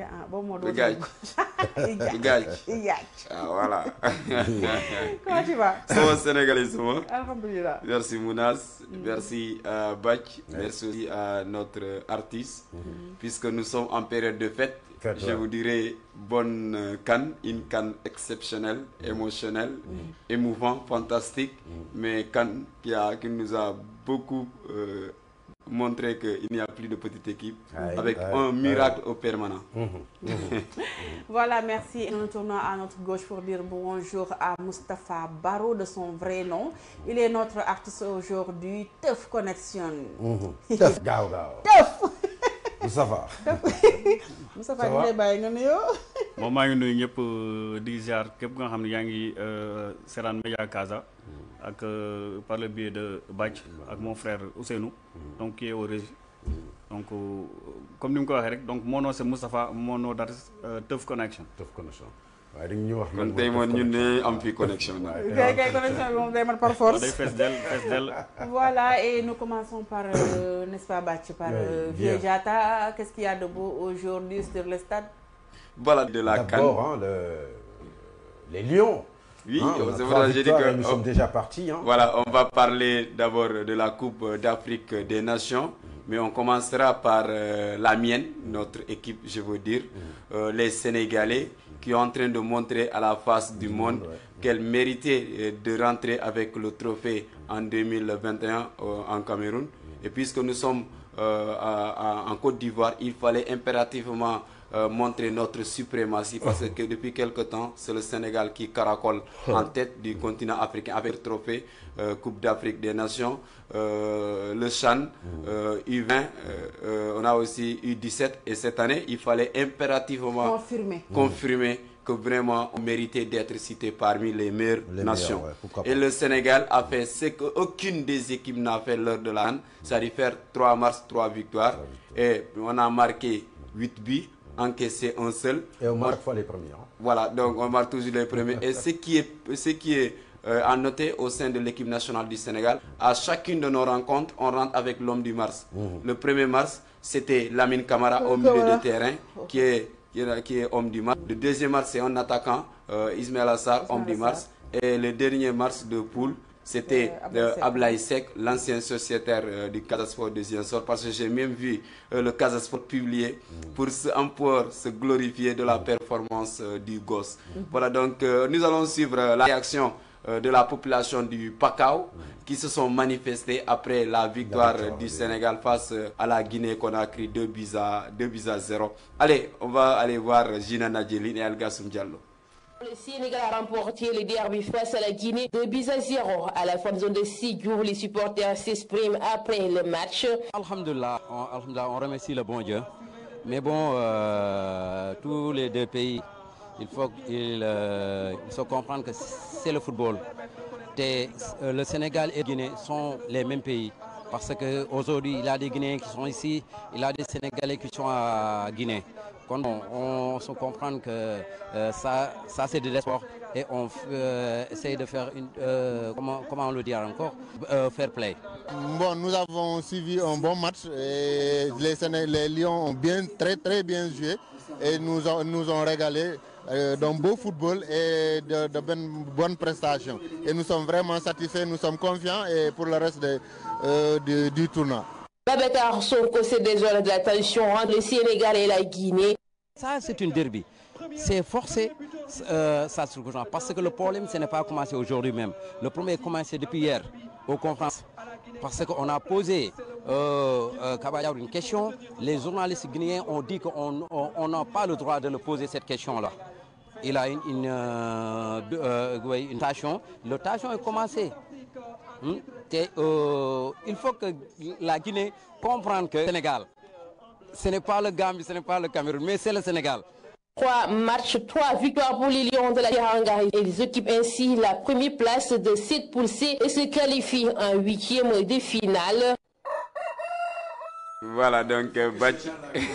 Ah, voilà. Um merci Mounas. merci ah, Bach, merci à notre artiste. puisque nous sommes en période de fête. je vous dirais bonne euh, canne, une canne exceptionnelle, mmh. émotionnelle, mmh. émouvant fantastique, mmh. mais canne qui, qui nous a beaucoup euh, montrer qu'il n'y a plus de petite équipe avec un miracle au permanent. Mmh, mmh, mmh. voilà, merci. Et nous tournons à notre gauche pour dire bonjour à Mustapha Barreau de son vrai nom. Il est notre artiste aujourd'hui, Teuf Connection. Mmh. Teuf, gao, gao. Teuf Mustapha. Mustapha, tu es bien nga nuyoo. moom maa euh, euh, Casa ak euh, par le biais de Badj ak mon frère Ousseynou hmm. donc qui est au donc euh, comme ni mu ko rek donc mon nom c'est Mustafa, mon nom d'artiste euh, Teuf Connection Teuf Connection waaye dañ ñu wax kon tey moom ñun né am fi connection bi. kay kay connexion day man par force. day del del. voilà et nous commençons par n'est-ce pas Bach, par Viejata qu'est-ce qu'il y a de beau aujourd'hui sur le stade. voilà de la CAN d'abord hein, le les Lions. Oui, hein, Nous oh. sommes déjà partis. Hein. Voilà, on va parler d'abord de la Coupe d'Afrique des Nations, mais on commencera par euh, la mienne, notre équipe, je veux dire, mhm. euh, les Sénégalais, qui sont en train de montrer à la face du monde qu'elle méritait euh, de rentrer avec le trophée en 2021 en Cameroun. Et puisque nous sommes en Côte d'Ivoire, il fallait impérativement euh, montrer notre suprématie ah. parce que depuis quelque temps, c'est le Sénégal qui caracole ah. en tête du continent africain avec le trophée euh, Coupe d'Afrique des Nations, euh, le Chan, U20, on a aussi U17 et cette année, il fallait impérativement confirmer, confirmer que vraiment on méritait d'être cité parmi les meilleures nations. et le Sénégal a fait ce qu'aucune des équipes n'a fait lors de l'année c'est-à-dire faire 3 mars, 3 victoires. Et on a marqué 8 buts encaissé un seul. Et on marque fois les premiers. Hein. Voilà, donc on marque toujours les premiers. Et ce qui est, ce qui est euh, à noter au sein de l'équipe nationale du Sénégal, à chacune de nos rencontres, on rentre avec l'homme du mars. Mmh. Le 1er mars, c'était Lamine Camara au milieu de terrain, qui est, qui est, homme du mars. Le 2e mars, c'est un attaquant, euh, Assar, homme du mars. Et le dernier mars de poule, c'était euh, Ablaïsek, euh, l'ancien sociétaire euh, du Casasport de Ziensor, parce que j'ai même vu le Casasport publié mm. pour se, se glorifier de la mm. performance du gosse. Mm. Voilà, donc nous allons suivre la réaction de la population du Pacao qui se sont manifestés après la victoire, du Sénégal face à la guinée qu'on a créé à, 2 à 0. Allez, on va aller voir Gina Nadjeline et Alga Diallo. Le Sénégal a remporté le derby face à la Guinée de bis à 0. À la fin de zone de 6 jours, les supporters s'expriment après le match. Alhamdulillah, on, on remercie le bon Dieu. Mais bon, euh, tous les deux pays, il faut qu'ils se euh, comprennent que c'est le football. Euh, le Sénégal et la Guinée sont les mêmes pays. Parce qu'aujourd'hui, il y a des Guinéens qui sont ici, il y a des Sénégalais qui sont à Guinée. Quand on, se comprend que euh, ça, ça c'est de l'espoir et on euh, essaie de faire, une, euh, comment, on le dire encore, fair play. Bon, nous avons suivi un bon match et les, Lions ont bien, très très bien joué et nous, nous ont régalé. Euh, d'un beau football et de, de ben, bonnes, prestations. Et nous sommes vraiment satisfaits, nous sommes confiants et pour le reste du, euh, du tournoi. c'est des entre le Sénégal et la Guinée. Ça, c'est une derby. C'est forcé, euh, ça se Parce que le problème, ce n'est pas commencé aujourd'hui même. Le premier a commencé depuis hier, aux conférences. Parce qu'on a posé euh, une question. Les journalistes guinéens ont dit qu'on n'a pas le droit de le poser cette question-là il a une, une, euh, euh, une Le est commencé. Hmm? Euh, il faut que la Guinée comprenne que le Sénégal, ce n'est pas le Gambie, ce n'est pas le Cameroun, mais c'est le Sénégal. Trois matchs, trois victoires pour les Lions de la Harangari. Ils occupent ainsi la première place de cette poussée et se qualifient en huitième des finale. Voilà, donc euh, c'est le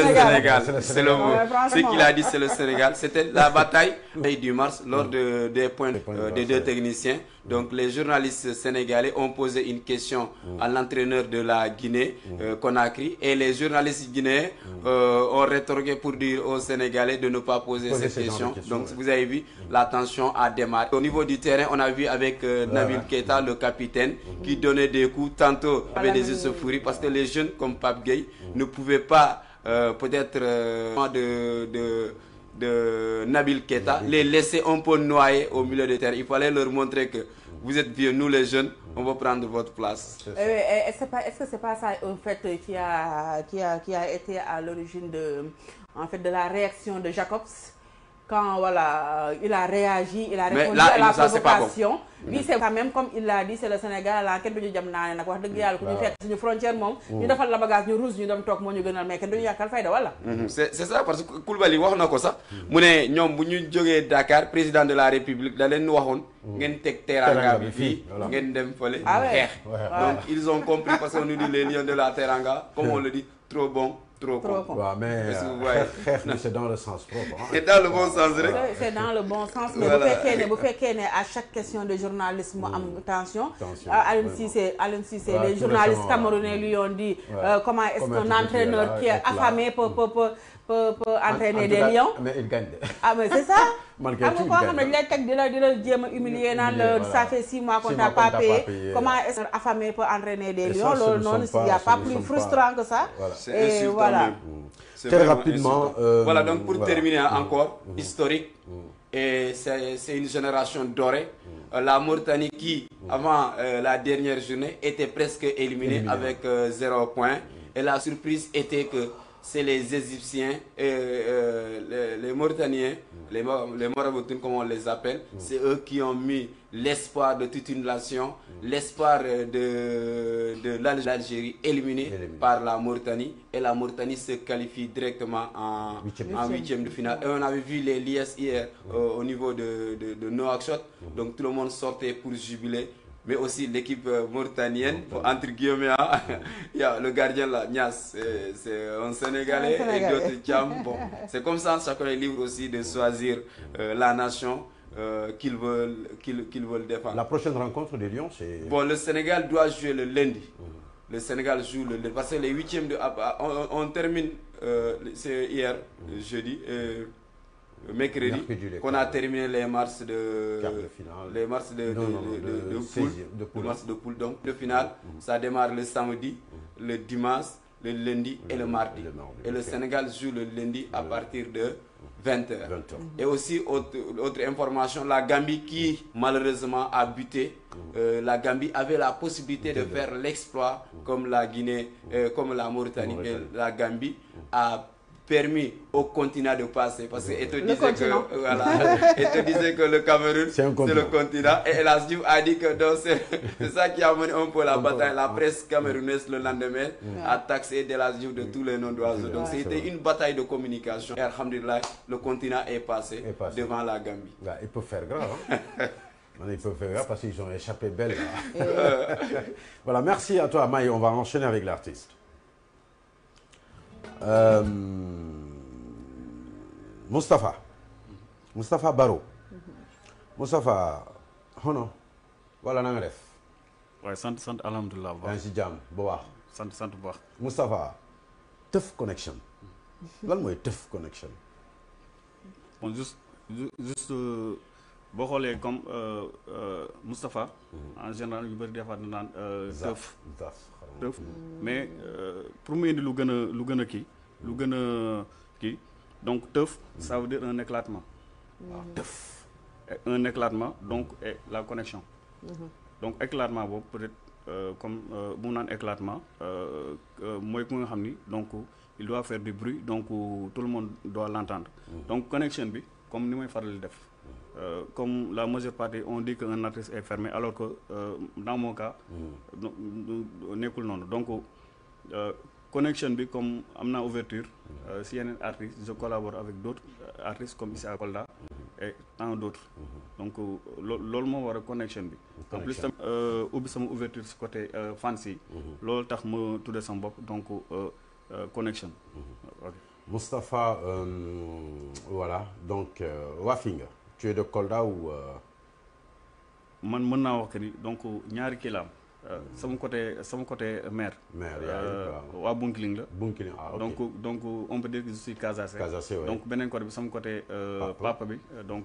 Sénégal, hein. euh, c'est le mot. Ce qu'il a dit, c'est le Sénégal. C'était la bataille du Mars lors de, des points des euh, deux techniciens. Donc les journalistes sénégalais ont posé une question à mm. l'entraîneur de la Guinée, mm. Conakry, et les journalistes guinéens mm. ont rétorqué pour dire aux Sénégalais de ne pas poser, ces cette question. Donc vous avez vu, la tension a démarré. Au niveau du terrain, on a vu avec Nabil Keita, le capitaine, qui donnait des coups, tantôt avec des yeux parce que les jeunes comme Pape Gay ne pouvait pas euh, peut-être euh, de, de, de, Nabil Keta, les laisser un peu noyer au milieu de terre. Il fallait leur montrer que vous êtes vieux, nous les jeunes, on va prendre votre place. Eh eh, eh, est-ce que c'est pas ça en fait, qui, a, qui, a, qui a été à l'origine de, en fait, de la réaction de Jacobs quand voilà, il a réagi, il a répondu à la provocation. Oui, mm-hmm. c'est quand même comme il a dit, c'est le Sénégal à laquelle nous avons nak wax deug yalla ku ñu fekk suñu frontière mom mm. ñu defal la bagage ñu rouge ñu dem tok mo ñu gënal mais duñu yakal fayda wala mm-hmm. c'est c'est ça parce que Koulibaly wax nako sax mu né ñom bu ñu joggé Dakar président de la République da leen waxone mm. ngeen tek teranga bi fi ngeen dem feulé ah xex donc ils ont compris parce qu'on nous dit les lions de la teranga comme on le dit trop bon trop con. mais euh, c'est dans le sens propre. Hein. c'est dans le bon sens rek. c'est dans le bon sens mais bu fekkee ne vous fekkee ne à chaque question de journalisme mu am mm. tension. tension ah, Aliou Cissé Aliou Cissé les journalistes camerounais lui ont dit. Euh, comment est-ce qu'un entraîneur qui est affamé pour peut mm pour entraîner des lions. ah mais c'est ça. Malgré kay tuuti humilié ne ça fait six mois qu'on n'a pas payé comment est-ce que affamé peut entraîner des lions Non, non il n'y a pas plus frustrant que ça. et voilà. très rapidement. Euh, voilà donc pour terminer mm-hmm. encore mm-hmm. historique. Mm-hmm. et c'est une génération dorée. Euh, la Mauritanie qui, avant euh, la dernière journée, était presque éliminée avec zéro point. Et la surprise était que c'est les Égyptiens, et euh, euh, les, Mauritaniens, les, les comme on les appelle, c'est eux qui ont mis l'espoir de toute une nation, l'espoir euh, de, de l'Algérie éliminée par la Mauritanie. Et la Mauritanie se qualifie directement en huitième de finale. Et on avait vu les liesses hier au niveau de, de, de mhm. Donc tout le monde sortait pour jubiler mais aussi l'équipe euh, mauritanienne, entre guillemets, il y a le gardien là, Nias, c'est un Sénégalais, et d'autres Tcham. c'est comme ça, chacun est libre aussi de choisir euh, la nation euh, qu'il qu'ils veulent, défendre. La prochaine rencontre des Lions, c'est... Bon, le Sénégal doit jouer le lundi. Mmh. Le Sénégal joue le lundi, parce que les huitièmes de... Ah, bah, on, on termine, c'est hier, mmh. jeudi mercredi, qu'on a terminé les mars de, les de, de, poule, de poule. donc de finale, mm-hmm. Mm-hmm. ça démarre le samedi, mm-hmm. le dimanche, le lundi et le mardi. Et le Sénégal joue le lundi à partir de 20h. et aussi, autre, information, la Gambie qui malheureusement a buté, euh, la Gambie avait la possibilité de faire l'exploit comme la Guinée, euh, comme la Mauritanie. Et la Gambie a permis au continent de passer. Parce qu'elle te, disait que, voilà, te disait que le Cameroun, c'est le continent. Et El a dit que c'est ça qui a mené un peu la bataille. La presse camerounaise le lendemain a taxé El de tous les noms d'oiseaux. Donc c'était une bataille de communication. Et Alhamdulillah, le continent est passé, devant la Gambie. ils bah, il faire grave. Hein. ils peuvent faire parce qu'ils ont échappé belle. voilà, merci à toi, Maï. On va enchaîner avec l'artiste. Euh, Moustapha Moustapha Baro Moustapha hono oh wala na def waaye sant sant alhamdulilah yaa ngi si jàmm bu baax sant sant bu baax Moustapha Teuf Connection lan mooy Teuf Connection bon euh, boo xoolee comme euh, Moustapha mhm. en général yu bëri defaat na naan Teuf mais euh, pour premier lu gëna lu donc teuf ça veut dire un éclatement mm-hmm. un éclatement donc la connexion mm-hmm. donc éclatement bob peut-être euh, comme euh, bu éclatement donc il doit faire du bruit donc tout le monde doit l'entendre mm-hmm. donc connexion bi comme ni may faral def euh, comme la majorité, on dit qu'un artiste est fermé, alors que euh, dans mon cas, mm. on est non. Donc, euh, connexion, comme amna ouverture, mm. euh, si y un artiste, je collabore avec d'autres artistes comme Issa à mm. Mm-hmm. et tant d'autres. Mm-hmm. Donc, l'olmo la connexion. En plus, euh, ouverture ce côté fancy, mm-hmm. l'ol tax me tout de son donc connexion. Mustapha, voilà, donc Wafinger. tu es de euh? man mën naa wax que ni donc ñaari kii la euh, sama côté sama côté maire. maire waaw euh, waa Bunkiling la. Bunkiling ah donc donc on peut dire que je suis beneen côté bi sama côté. papa bi donc.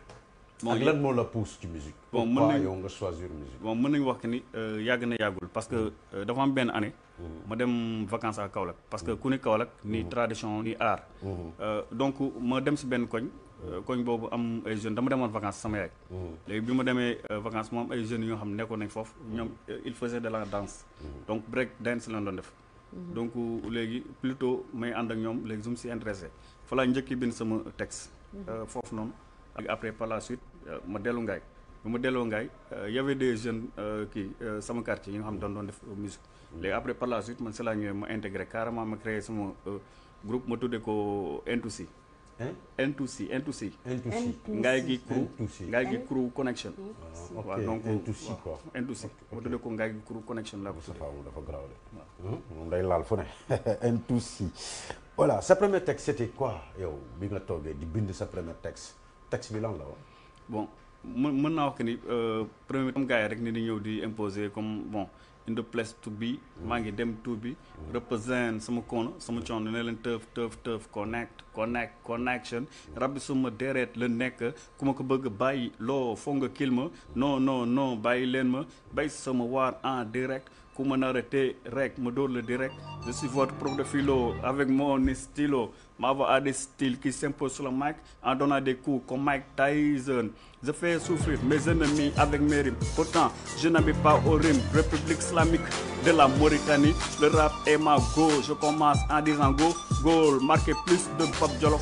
bon ak lan moo la pousse ci musique. bon mën nañu yow nga choisir musique. bon mën nañu wax que ni euh, yàgg na yàggul parce que mm-hmm. euh, dafa am benn année. Mm-hmm. ma dem vacances à Kaolack. parce que mm-hmm. ku Kaolack ni tradition ni art. Euh, donc ma dem si benn koñ. koñ boobu am ay jeunes dama demoon vacances sama yaay. léegi bi ma demee vacances moom ay jeunes yoo xam ne nekkoon nañ foofu. ñoom il faisait de la danse. donc break dance lañ doon def. donc léegi plutôt may ànd ak ñoom léegi su ma si intéressé fa laa njëkk bind sama texte. foofu noonu après par la suite ma y avait des jeunes dans mon quartier après par la suite je intégré carrément créé groupe 2 c N2C. N2C. crew 2 c crew connection c donc quoi N2C. ko crew connection c n voilà sa premier texte c'était quoi Yo, sa premier texte texte bi lan la woon. bon mën mën naa wax que ni euh, premier comme gars rek ni di ñëw di imposer comme bon in the place to mm. maa ngi dem to be. Mm. represent sama kono sama coono ne leen tëf tëf tëf connect connect connection mm. rabbi suma deret la nekk ku ma ko bëgg bàyyi loo foog nga kil ma non non non bàyyi leen ma bàyyi sama waar en direct. me le direct je suis votre prof de philo avec mon stylo Ma voix a des styles qui s'imposent sur le mic en donnant des coups comme Mike Tyson je fais souffrir mes ennemis avec mes rimes pourtant je n'habite pas au rime. République islamique de la Mauritanie le rap est ma go je commence en disant go goal marquer plus de pop pop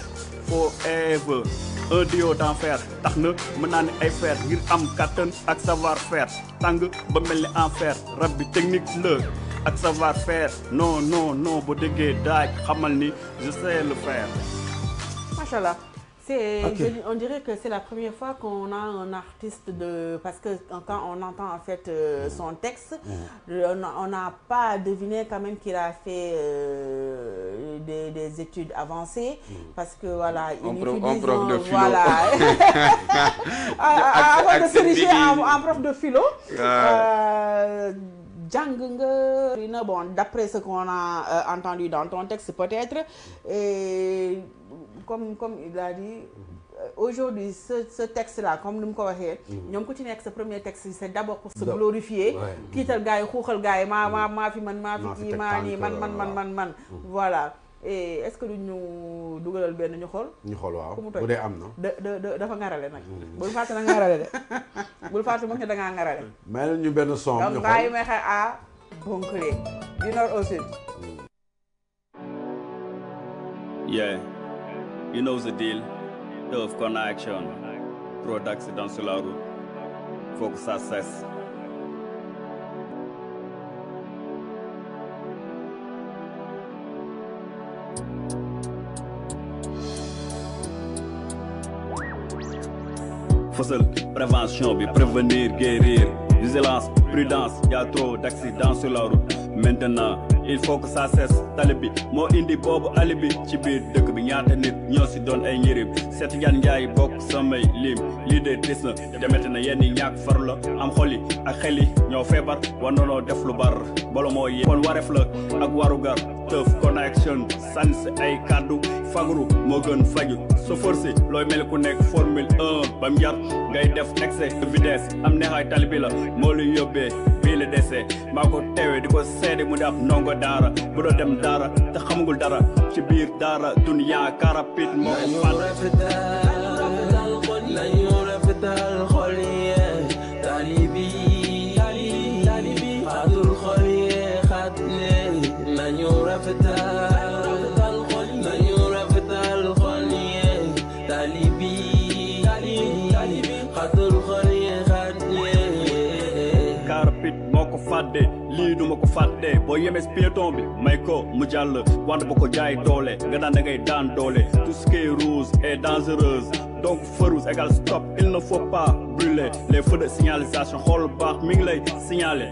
Faux forever un duo d'enfer tax na mën naa ne ay fer ngir am kattan ak savoir faire tàng ba mel ni enfer rab bi technique le, ak savoir faire non non non boo déggee daaj xamal ni je sais le faire macha allah on dirait que c'est la première fois qu'on a un artiste de... Parce que quand on entend en fait euh, mm. son texte, mm. on n'a pas deviné quand même qu'il a fait euh, des, études avancées. Mm. Parce que voilà, il est... prof de philo. de prof de philo jàng bon d'après ce qu'on a euh, entendu dans ton texte peut-être et comme comme il a dit euh, aujourd'hui ce texte là comme nous mu ko nous mm-hmm. ñoom ku ci premier texte c'est d'abord pour se glorifier. tiital gars yi gars yi mm-hmm. fi man maa fi kii man man man man man mm-hmm. voilà. et eh, est-ce que lu ñu dugalal benn ñu xool. ñu xool waaw bu dee am na da da dafa ngarale nag. Hmm. bul fàtte na ngarale de bul fàtte moom ne da may ñu benn son ñu xool donc ngaa yi may xay à Bounkiling du nord au sud. Hmm. la route. Faut que ça prévention prévenir guérir vigilance prudence y a trop d'accidents sur la route maintenant il faut que ça cesse bi moo indi boobu ali bi ci biir dëkk bi ñaata nit ñoo si doon ay njëriñ seet njaan njaay bokk samay lim lii de triste na demete na yenn ñàkk faru la am xol yi ak xel yi ñoo feebar war nanoo def lu bar bolo moo yee kon waref la ak warugar tëf connection sans ay kàddu fagru moo gën faju sa force looy mel ku nekk formule 1 bam jar ngay def excès de vitesse am neexaay tali bi la moo lu yóbbee bii la dese maa ko teewee di ko seede mu di ab daara mënoo dem daara te xamagul dara ci biir daara dunya karapit moo ko fàtt nañu rafetal xol yi talibi talibi xaatul xol yi xaat ne nañu rafetal nañu rafetal xol yi talibi xaatul xol yi xaat ne karapit moo ko fàtte duma ko fàtte bo yemes piéton bi may ko mu jàll wante bu ko jaay doole nga dan ngay dan doole tout ce qui est rouge est dangereuse donc feu rouge égale stop il ne faut pas brûler les feux de signalisation hol baax mi ngi signaler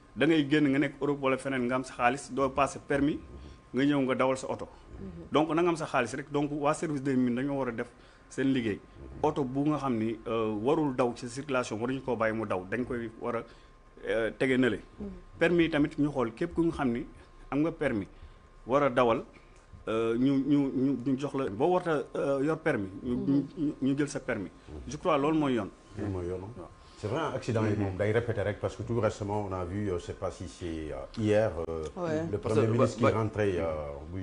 da ngay génn nga nekk Europe wala feneen nga am sa xaalis doo passé permis nga ñëw nga dawal sa oto. Mhm. donc na am sa xaalis rek donc waa service des mines dañoo war a def seen liggéey oto bu nga xam ni euh, warul daw ci circulation waruñu ko bàyyi mu daw dañ koy war a euh, tege nële. Mhm. permis yi tamit ñu xool képp ku nga xam ni am nga permis war a dawal. Euh, ñu ñu ñu ñu jox la boo warta yor permis mhm. ñu ñu jël sa permis je crois loolu mooy yoon. C'est vrai, un hein, accident mm -hmm. Il répéter, parce que tout récemment, on a vu, euh, je ne sais pas si c'est euh, hier, euh, le Premier ministre qui rentrait, oui,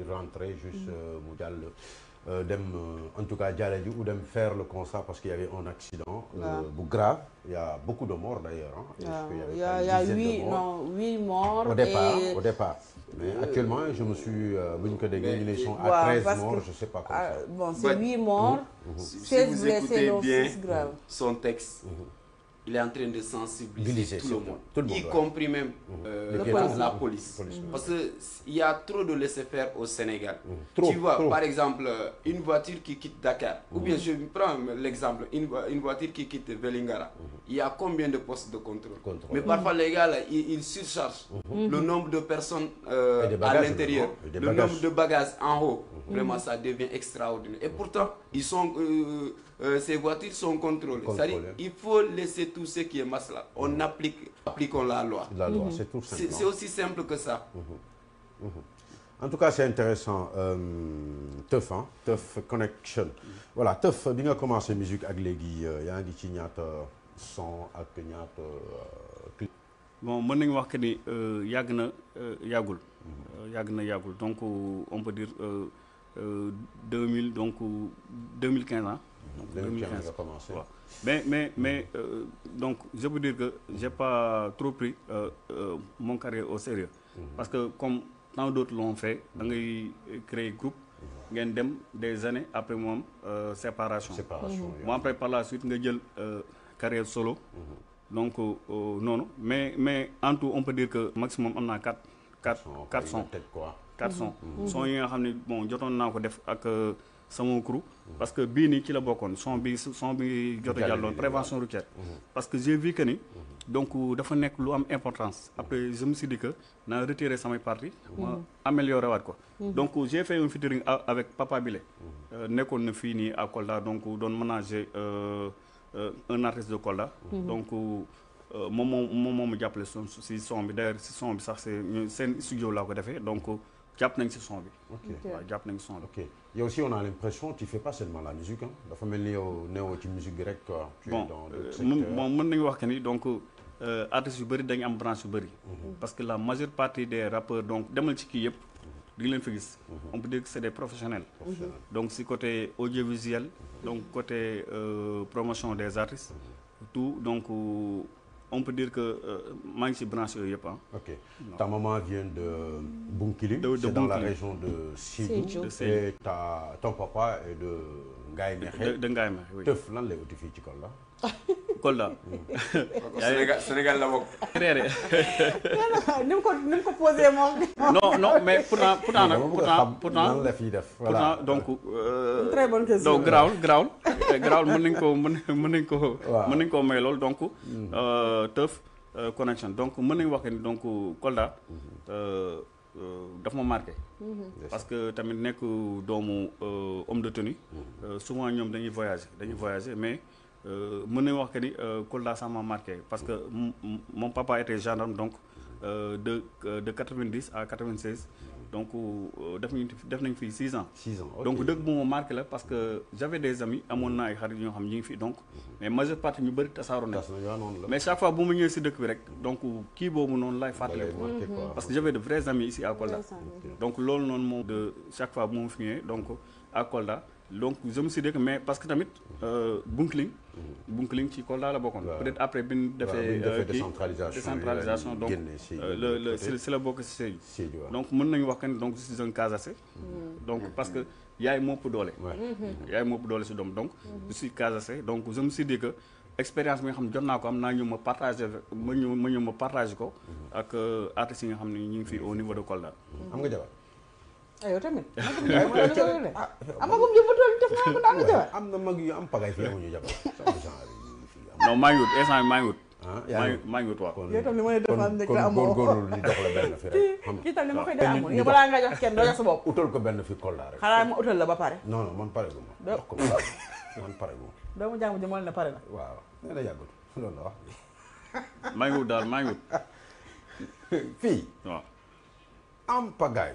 il rentrait juste mm. en tout cas ou d'aime faire le constat parce qu'il y avait un accident grave. Il y a beaucoup de morts d'ailleurs. Hein, il y, a, huit 8, morts. Au départ. Mais euh, actuellement, je me suis. Euh, sont à 13 morts, je ne sais pas comment. Ah, bon, c'est 8 bah, morts, 16 blessés, 6 graves. Son texte, mhm il est en train de sensibiliser tout le, monde, y compris même mhm. euh, la police. Mhm. Parce mhm. qu'il y a trop de laisser-faire au Sénégal. tu vois, par exemple, euh, une voiture qui quitte Dakar, ou bien je prends l'exemple, une, voiture qui quitte Velingara, il y a combien de postes de contrôle, Mais parfois, les gars, là, ils, surchargent le nombre de personnes euh, à l'intérieur, le nombre de bagages en haut. Vraiment, ça devient extraordinaire. Et pourtant, ces voitures sont contrôlées. il faut laisser tout tout ce qui est là On applique, appliquons la loi. La loi, mhm. c'est tout simple. C'est aussi simple que ça. Mhm. Mhm. En tout cas, c'est intéressant. Euh, Teuf, hein? Teuf Connection. Voilà, Teuf, d'une a commencé musique Il y guillemets ngi ci ñaata son ak ñaata euh, clip. bon mën nañu wax que ni euh, euh, yàgg na yàggul. donc on peut dire 2000 donc 2015. 2015 hein. donc deux mille commencé mais, mais, mais euh, donc, je veux dire que je n'ai pas trop pris euh, euh, mon carrière au sérieux. Mhm. Parce que comme tant d'autres l'ont fait, mm créé groupe, mhm. des années après moi, séparation. séparation Moi, mhm. après, par la suite, j'ai une carrière solo. Donc, non, non. Mais, mais en tout, on peut dire que maximum, on a 4 4 400 sons. 4 sons. bon, sama crew parce que bi ni ci la bokone son bi son bi jotta jallon prévention routière mhm. parce que j'ai vu que ni mhm. donc dafa nek lu am importance après je me suis dit que na retirer samay parti ma mhm. améliorer wat ko donc j'ai fait un featuring avec Papa Bile euh, nekone na fini à Kolda donc doon ménager euh, euh, un artiste de Kolda donc moom moo moom moo son si son bi d'ailleurs si son bi sax c'est seen studio là ko défé donc japp nañ si son bi OK japp nañ si son bi il aussi, on a l'impression que tu ne fais pas seulement la musique. La famille au néo musique grecque, Tu bon, es dans le euh, secteurs. Bon, je donc, euh, artistes beaucoup, ils ont branche mhm. Parce que la majeure partie des rappeurs, donc, des mhm. multi mhm. on peut dire que c'est des professionnels. Donc, c'est côté audiovisuel, donc côté euh, promotion des artistes, tout, donc, euh, on peut dire que euh, a pas. Ah. Ok. Ta maman vient de Bunkili, c'est dans la région de Sidou. Et ta, ton papa est de ngaay meexe de ngaay meexe tëf lan lay uti fii ci Kolda Kolda Sénégal la bokk réere ni mu ko ni mu ko posé moom non non mais pourtant pourtant nag pourtant pourtant lan la fii def pourtant donc euh, très bonne question donc garaawul garaawul garaawul nañ ko mën mën nañ ko mën nañ ko may loolu donc hmm. euh, tëf euh, connexion donc mën nañ wax ni donc hmm. Euh, daf ma marqué. parce que tamit suis doomu homme de tenue. souvent ñom dañuy voyager dañuy voyager mais mën wax que ni ma marqué parce que mon papa était gendarme donc euh, de euh, de 90 à 96 donc euh, def nañu def fi six ans. six ans donc deug bu ma marqué la parce que j'avais des amis amon na ay xarit ñoo xam ñi fi donc mhm. mais majeure partie ñu bari tasaaroo nañ. mais chaque fois bu ma ñëwee si dëkk bi rek donc kii boobu noonu laay fàttaliku. Mhm. parce que j'avais de vrais amis ici à Kolda. donc lool non mo de chaque fois bu ma fi donc à Kolda donc je me suis dit que mais parce que tamit euh, bunkling mhm. bunkling ci Kolda la bokkoon. peut être après bin ñu defee. Euh, décentralisation décentralisation donc euh, le le si la bok si donc meun nañ wax que donc je suis un assez. Mhm. donc mhm. parce que yaay moo ëpp doole. yaay moo ëpp doole si doom donc. je suis assez donc je me suis dit que expérience bi nga xam ne nako am naa ñëw ma partagé ma ñëw ma ñëw ma partagé ko. ak artiste yi nga xam ni ñi fi au niveau de Kolda. am nga jabar. aywa ah, tamit. am na mag yu am pagay fi amuñu jabar. non maa ngi wut instant maa ngi wut. ah yaa ngi wut yow tam li ma lay def am nekk ni dox la benn fi rek. xam nga ma koy def amul yow balaa nga jox kenn doo jox sa bopp. utal ko benn fi Kolda rek. xanaa ma utal la ba pare. non man pare gu ma. dox ko man pare gu ma. doomu jàmm ji moo ne pare na. waaw nee la wax. maa ngi wut daal maa wut. fii. am pagaay.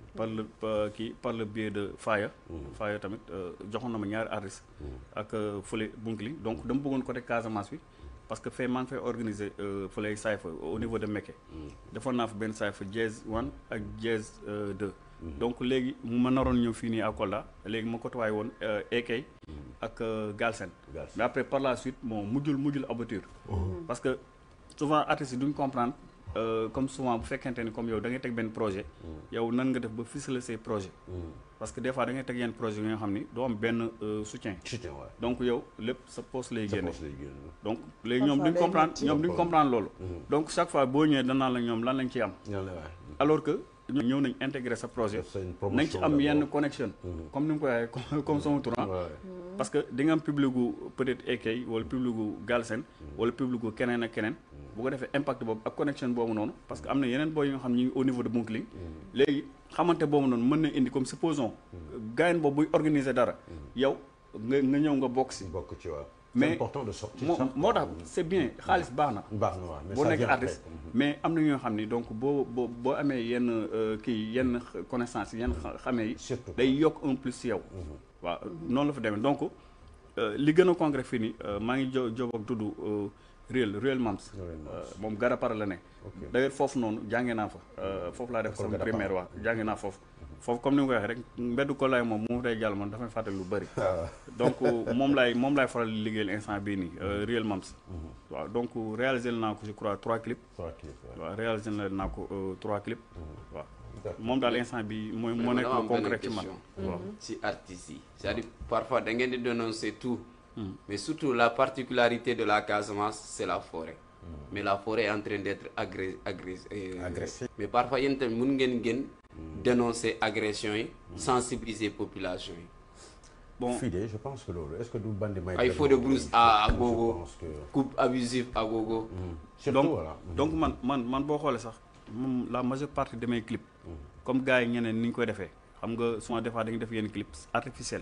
par le euh, par le biais de Faya. Hmm. Faya tamit euh, joxon na ma ñaar artistes. Hmm. ak euh, fële Bunkili donc dem bëggoon côté Casamance parce que fee man ngi fay organiser fële saifa au niveau de Mekke. Hmm. defon na fa ben saifa jazz 1 ak jazz 2 donc léegi ma naroon ñëw fii à Kolda légui mako côtoyé won AK ak Galsen. mais après par la suite mon mujjul mujjul aboutir. parce que souvent artistes duñ comprendre. Euh, comme souvent bu fekkente ni comme yow da ngay teg benn projet. Mm. yow nan nga def ba ficeler say projet. Mm. parce que des fois da ngay teg yenn projet nga xam ni doo am benn euh, soutien. donc yow lépp sa poste lay génne. donc léegi ñoom duñ comprendre ñoom duñ comprendre loolu. Mm. donc chaque fois boo ñëwee danaan la ñoom lan lañ ci am. alors que ñoom ñëw nañ intégrer sa projet. nañ ci am yenn connexion. comme ni mu ko waxee comme sama tour hein. parce que di nga am public peut-être Ekay wala public Galsen wala public gu keneen ak keneen bu ko defee impact boobu ak connection boobu noonu parce que am na yeneen booy yi nga xam ne ñu ngi au niveau de Bounkiling mm-hmm. léegi xamante boobu noonu mën na indi comme supposons mm-hmm. gaayen boobu buy organiser dara mm-hmm. yow nga nga ñëw nga bokk si bokk ci waaw mais important de sortir mo moo tax c'est bien xaalis baax na baax na waaw boo nekk artiste mais am na ñoo xam ni donc boo boo boo amee yenn euh, kii yenn connaissance yenn xamee yi day yokk un plus si yow waaw noonu la fa demee donc euh, li gën a concret fii nii euh, maa ngi jo job ak tudd réel réel mams euh, moom Garapara la ne d'ailleurs foofu noonu jànge naa fa euh, foofu laa def sama primaire waaw jànge naa foofu mhm. foofu comme ni ma ko waxee rek mbeddu ko laay moom lu bëri ah. moom laay moom laay faral di liggéeyal instant bi nii euh, mhm. réel mams mhm. waaw donc réalisé naa ko je crois trois clips waaw réalisé naa ko trois clips waaw moom daal instant bi mooy moo nekk concrètement waaw si artistes yi cest à parfois da di dénoncer tout Mm. Mais surtout, la particularité de la Casamance, c'est la forêt. Mm. Mais la forêt est en train d'être euh, agressée. Mais parfois, il y a des dénoncer agression, mm. sensibiliser la population. Bon. je pense que Est-ce que nous Il faut de brousse à, gogo, coupe abusive à gogo. c'est Donc, voilà. donc man, man, man, la majeure partie de mes clips, comme gars, ils ont fait, ils ont fait des clips artificiels.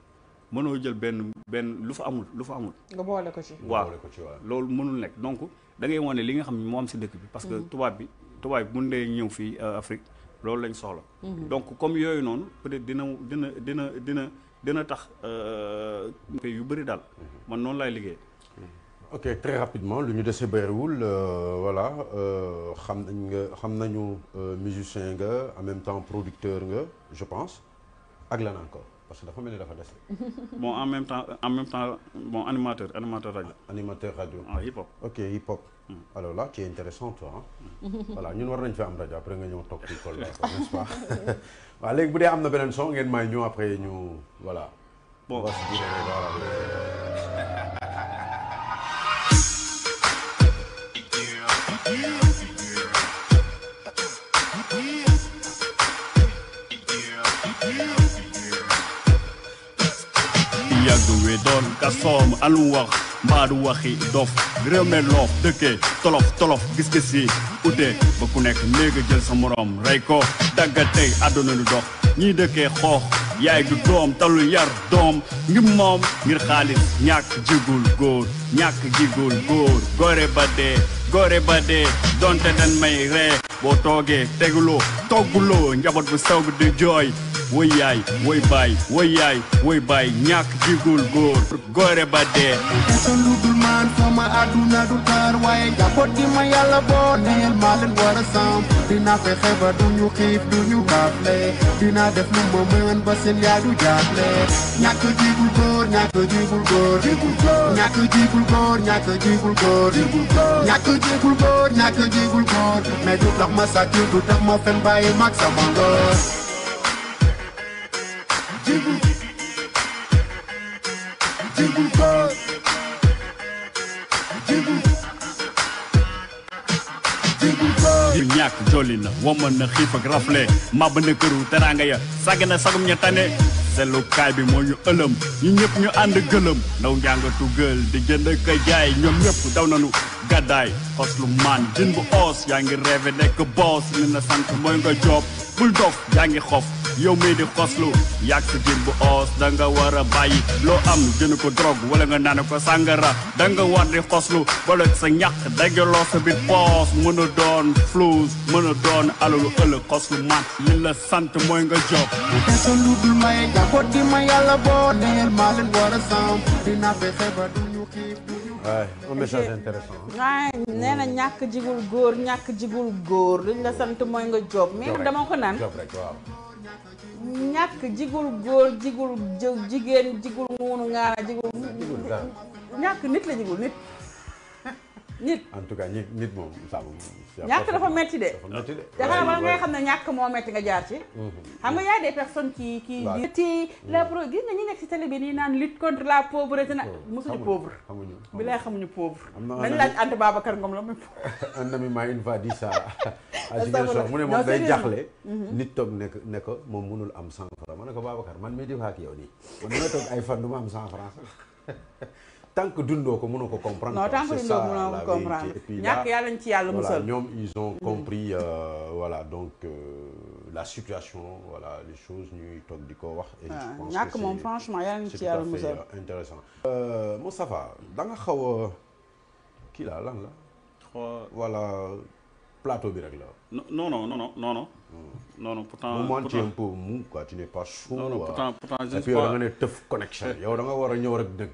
mënoo jël benn benn lu fa amul lu fa amul. nga boole ko ci waaw loolu mënul nekk donc da ngay wane li nga xam ne moo am si dëkk bi. parce que mhm. tubaab bi tubaab bi mun dee ñëw fii euh, Afrique loolu lañ soxla. Mhm. donc comme yooyu noonu peut-être dina dina dina dina dina tax pays euh, yu bëri daal mhm. man noonu lay liggéey. ok très rapidement lu ñu dese bëriwul euh, voilà xam nañ nga xam nañu musicien nga en même temps producteur nga je pense ak lan encore parce que dafa mel ni dafa des. bon en même temps en même temps bon animateur animateur radio. animateur radio ah hip hop. ok hip hop. Hmm. alors là tu es intéressant toi ah. voilà ñun war nañ fi am rajo après nga ñëw toog ci tool bi n'est-ce pas. waaw léegi bu dee am na beneen son ngeen may ñëw après ñu voilà. bon on va se dire voilà. yàgg we doon kasoom wax waxi dof loof tolof tolof gis-gis ute ba ku nekk sa morom rey ko dagga tey àdduna dox ñii dëkkee xoox yaay du doom talu yar doom ngir jigul góor ñàkk jigul góor gore ba gore donte dan may bu Way I, way by, way I, way by, ñak jigul góor góore ba dee. sa man sama aduna du tar waaye njaboot gi ma yalla boo neel maa leen war sam dina fe xeba du ñu xiif du ñu gaafle dina def lu mo mën ba seen yaa du jaaxle. ñak jigul gor, ñak jigul góor. jigul góor ñak jigul gor, ñak jigul góor. jigul góor ñak jigul gor, ñak jigul gor, mais du tax ma sàcc du tax ma fen bàyyi mak sama ngor. ñak jolina wamana xifak rafle mabana këru teranga ya sagana sagum ña tane selu kaay bi moo ñu ëlëm ñu ñëpp ñu ànd gëlëm ndaw njàngatu gël di jënd ka jaay ñoom ñëpp daw nanu gàddaay xos lu maan jën bu oos yaa ngi rêve nekk boos li na sant mooy nga joob bul dof yaa ngi xof yow may di xoslu yàgg sa jëm bu oos danga war a bàyyi loo am jënd ko drog wala nga naan ko sàngara danga war di xoslu wala sa ñàkk dajaloo sa bi poos mën a doon flouse mën a doon alalu ëllë xoslu maat li la sant mooy nga jóg. sa di ma yàlla boo neel maa leen war a saam dina fexe ba duñu waaw un message intéressant. waaw nee na ñàkk jigul góor ñàkk jigul góor luñ la sant mooy nga jóg. mais dama ko naan. jóg rek waaw. ñàkk jigul góor jigul jigéen jigul nguunu ngaana jigul ñàkk nit la jigul nit nit en tout cas nit nit moom ça moom. ñàkk dafa métti de. dafa métti de dafa ba ngay xam ne ñàkk moo métti nga jaar ci. Mhm. xam nga y a des personnes qui qui. waaw di la mhm. pro gis nga ñi nekk ci télé bi nii naan lutte contre la pauvreté na. mosuñu pauvre xamuñu bi lay xamuñu pauvre. dañ laaj Anta Babacar Ngom la muy pauvre. un ami maa une fois dit ça. à Ziguinchor mu ne moom day jaxle. Mhm. nit toog nekk ne ko moom mënul am cent franc ma ne ko Babacar man mii di wax ak yow nii man mii toog ay fan du ma am cent franc tant que dundoo ko mënoo comprendre. non tant que dundoo ko mënoo comprendre ñak yalla ñu ci yalla musal. ñom ils ont mm. compris euh, voilà donc euh, la situation voilà les choses ñuy tok diko wax. et je pense ñàkk moom franchement yalla ñu ci yalla musal euh, intéressant euh à da nga xaw ki la lan la. voilà plateau bi rek non non non non non non. Hmm. non non pourtant moment tu es un peu mou quoi tu n'es pas chaud. non non pourtant pourtant je ne suis pas et puis tough connection yow da nga war a ñëw rek nag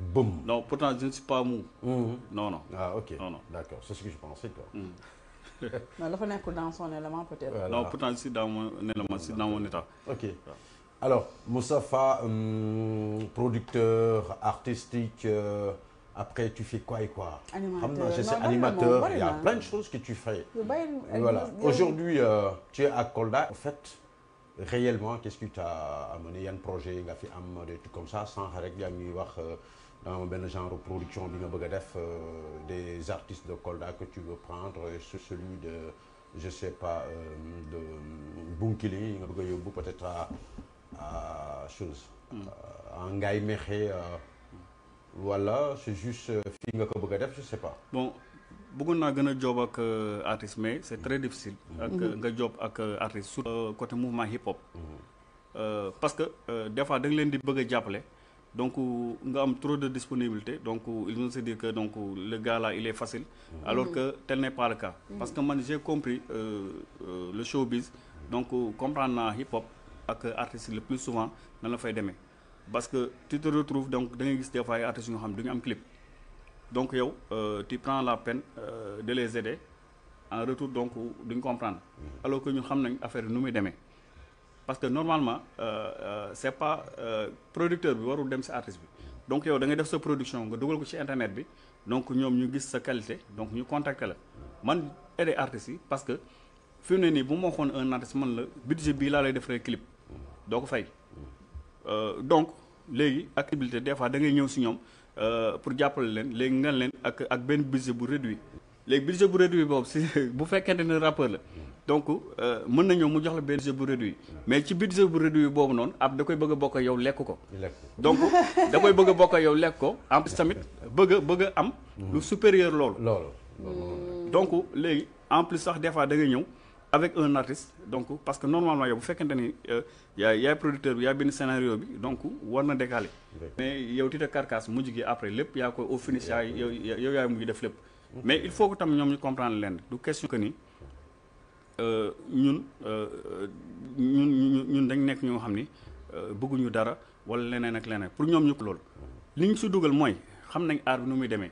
non pourtant je ne suis pas mou. Hmm. non non. ah ok non non d'accord c'est ce que je pensais quoi. Hmm. non dafa nekk dans son élément peut-être. voilà non pourtant c'est dans mon élément c'est dans mon état. ok alors Moussafa, hum, producteur artistique. Euh, après, tu fais quoi et quoi Animateur. Je animateur. Il y a hein. plein de choses que tu fais. Voilà. Aujourd'hui, euh, tu es à Kolda. En fait, réellement, qu'est-ce que tu as amené Il y a un projet, il y a fait des trucs comme ça, sans Harek, il y a mis euh, dans un genre de production, euh, des artistes de Kolda que tu veux prendre, sur celui de, je sais pas, de Bunkili, peut-être à, à chose, hmm voilà c'est juste euh, film nga ko bëgg je def je sais pas. bon beaucoup naa gën job avec euh, artiste mais c'est très difficile. Mm-hmm. ak euh, nga job avec artiste sur côté mouvement hip hop. Mm-hmm. parce que des fois da nga leen di bëgg donc nga a trop de disponibilité donc ils vont se dire que donc le gars là il est facile. Mm-hmm. alors que tel n'est pas le cas. parce que moi j'ai compris le showbiz donc comprendre hip hop avec artiste le plus souvent dans le fait d'aimer parce que tu te retrouves donc da des fois artistes xam clip donc euh, tu prends la peine euh, de les aider en retour donc de comprendre mm-hmm. alors que nous xam nañ affaire yi nous parce que normalement euh, ce n'est pas producteur qui warul dem artiste donc yow da des def production nga dugal ko internet bi donc ñom ñu gis sa qualité donc ñu contacter la man aider artistes parce que si vous bu un artiste man la budget bi la lay defaree clip mm-hmm. Donc Euh, donc léegi activité des fois da ngay ñëw si ñoom euh, pour jàppale leen léegi nga leen ak ak benn budget bu réduit léegi budget bu réduit boobu si bu fekkente ne rappeur la donc euh, mën na ñëw mu jox la benn bu réduit mais ci budget bu réduit boobu noonu ab da koy bëgg a bokk yow lekk ko donc da koy bëgg a bokk yow lekk ko en plus tamit bëgg a bëgg a am lu mm-hmm. supérieur loolu loolu mm. donc léegi en plus sax des fois da ngay ñëw avec un artiste donc parce que normalement il y a il producteur a scénario donc on décaler. mais Carcasse après il y a au finish il y a mais il faut que tam comprendre Donc, question que nous nous, nous, nous, nous, nous, nous nous, nous, dara nous pour nous, nous, nous, nous,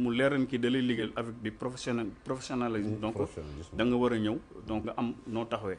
mu leeral ki dalay lay avec des professionnel professionnalisme mm, donc da nga wara ñew donc am no taxawee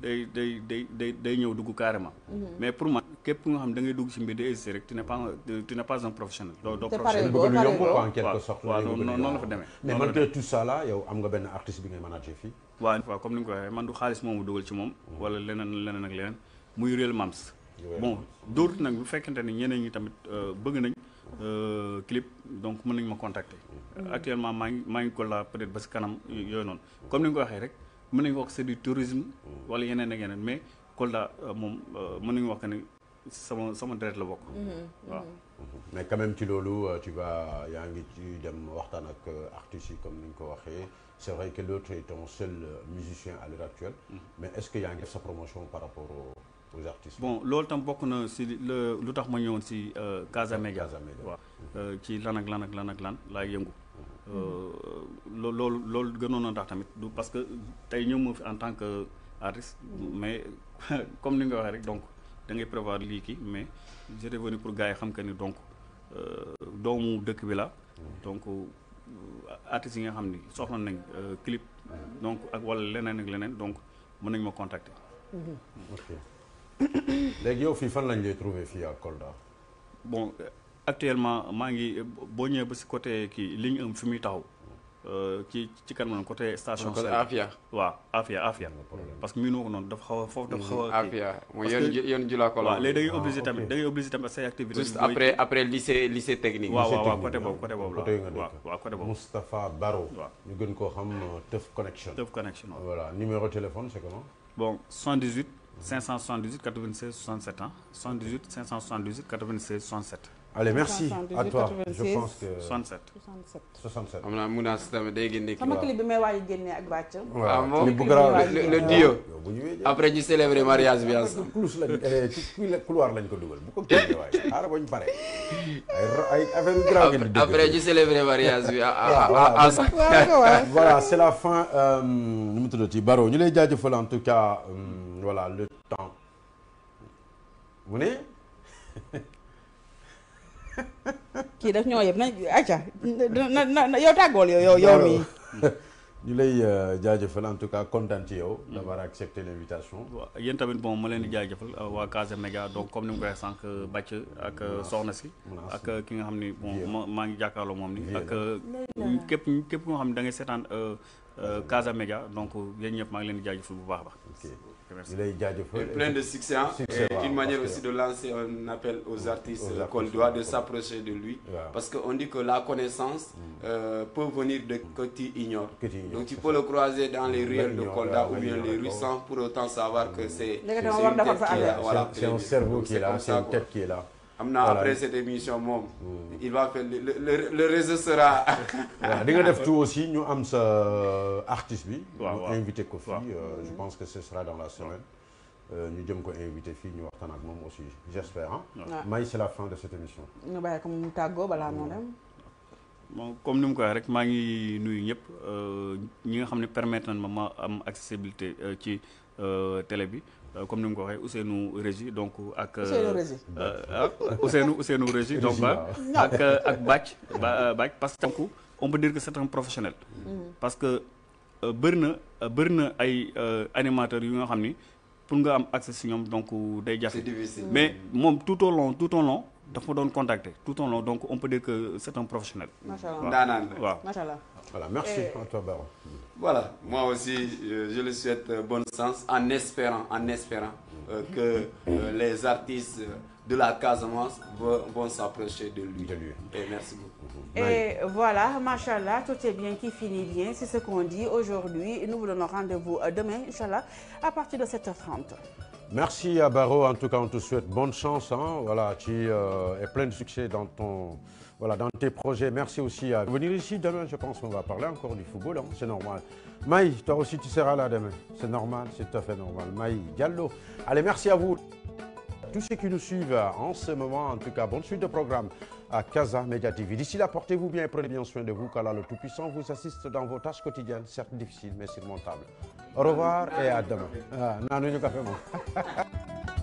day day day day day ñëw dugg carrément. Mhm. mais pour man képp nga xam da ngay dugg ci mbir day hésité rek tu n'es pas tu n'es pas un professionnel. doo doo professionnel bëgg lu yomb quoi en quelque sorte. waaw waaw noonu noonu la fa demee. mais malgré tout ça là yow am nga benn artiste bi ngay manager fii. waaw waaw comme ni nga ko waxee man du xaalis moomu dugal ci moom. Mhm. wala leneen leneen ak leneen muy réel mams. bon dootu nag bu fekkente ni ñeneen ñi tamit euh, bëgg nañ. Euh, clip donc mën nañ ma contacter. Mhm. actuellement maa ngi maa ngi ko la peut-être ba si kanam yooyu noonu comme ni nga ko waxee rek. mën nañu wax c'est du tourisme. Mm. wala yeneen ak yeneen mais Kolda euh, moom euh, mën nañu wax que ni sama sama deret la bokk. Mm-hmm. waaw. Mm-hmm. Mm-hmm. mais quand même ci loolu euh, tu vas yaa ngi ci dem waxtaan ak artistes yi comme ni ko waxee c'est vrai que l'autre est ton seul musicien à l'heure actuelle. mais est-ce que yaa ngi def sa promotion par rapport aux artistes. bon loolu tam bokk na si lu tax ma ñëwoon si Casa Média. Casa Média waaw ci lan ak lan ak lan ak lan laay yëngu. Euh, loolu gënoon parce que en tant que artiste mais comme ni nga donc da ngay prévoir mais venu pour gars yi xam que donc euh, doomu dëkk bi donc euh, yi nga xam ni clip donc ak wala leneen donc ma ok à bon actuellement maa ngi boo ñëwee ba si côté kii ligne am fi muy taxaw euh, ci ci kanam côté station. côté Afia. waaw Afia Afia. parce que miinoo ko noonu dafa xaw a foofu dafa xaw a. Afia mooy yoon yoon Jula Kolon. waaw léegi da ngay ah, obligé tamit da ngay obligé tamit say activité. juste après après lycée lycée technique. lycée waaw waaw côté boobu côté boobu la waaw waaw côté boobu. Moustapha Baro. ñu gën koo xam euh, Teuf Connection. Teuf Connection waaw voilà numéro téléphone c'est comment. bon 78 578 96 67 ah 78 578 96 67. Allez, merci à toi. Je pense que 67. 67. Ah, le après je célébrer mariage mariage voilà c'est la fin euh, Baro en tout cas euh, voilà le temps vous kii daf ñoo yëpp na acca na na yow tàggool yow yow yow mii. ñu lay jaajëfal en tout cas content ci yow. d' avoir accepté l' invitation. waaw yéen tamit bon ma leen di jaajëfal waa Casamance donc comme ni mu koy sànq bàcc ak soxna si. ak ki nga xam ni bon ma maa ngi jàkkaarloo moom ni. ak képp képp koo xam ne da ngay seetaan Casamance donc yéen ñëpp maa ngi leen Il est plein de succès. Hein. C'est et une manière aussi de lancer un appel aux artistes, qu'on doit de s'approcher de lui. Parce qu'on dit que la connaissance mm. euh, peut venir de que tu Donc tu peux le croiser dans les mm. ruelles de Kolda ou bien les rues sans pour autant savoir que c'est un mm. cerveau qui est là, c'est une tête qui est là amna voilà. après cette émission moom. Hmm. il va faire le le le réseau sera. di nga def tout aussi ñu am sa euh, artiste bi. invité ko euh, je pense que ce sera dans la semaine. Euh, ñu jëm ko invité fi ñu waxtaan ak aussi j'espère ah. may c'est la fin de cette émission. ñu bàyyi ko mu tàggoo comme ni ko rek ma ngi nuyu ñi nga permettre na ma ma am accessibilité ci télé bi. Euh, comme ni nga ko waxee Ousseynou Régie donc ak. Euh, Ousseynou Régie euh, ah Ousseynou Ousseynou Régie donc avec ak Bac Bac parce que on peut dire que c'est un professionnel. Mm-hmm. parce que bëri na bëri na ay animateurs yu nga xam pour nga am accès si ñoom donc day jafe. mais moom tout au long tout au long il faut donc contacter tout en long donc on peut dire que c'est un professionnel. Masha'Allah. voilà merci Antoine Baron. voilà moi aussi euh, je le souhaite euh, bon sens en espérant en espérant euh, mm-hmm. que les artistes de la Casamance vont, s'approcher de lui. Et merci beaucoup. Mm-hmm. Et voilà, machallah, tout est bien qui finit bien. C'est ce qu'on dit aujourd'hui. Nous vous donnons rendez-vous demain, Inch'Allah, à partir de 7h30. Merci à Barreau. En tout cas, on te souhaite bonne chance. Hein. voilà, tu es euh, plein de succès dans, ton, voilà, dans tes projets. Merci aussi à venir ici demain. Je pense qu'on va parler encore du football. Hein. c'est normal. Maï, toi aussi, tu seras là demain. C'est normal, c'est tout à fait normal. Maï, gallo Allez, merci à vous. Tous ceux qui nous suivent en ce moment, en tout cas, bonne suite de programme à Casa Media TV. D'ici là, portez-vous bien et prenez bien soin de vous, car là, le Tout-Puissant vous assiste dans vos tâches quotidiennes, certes difficiles, mais surmontables. au revoir et à demain. waaw naanuñu café moom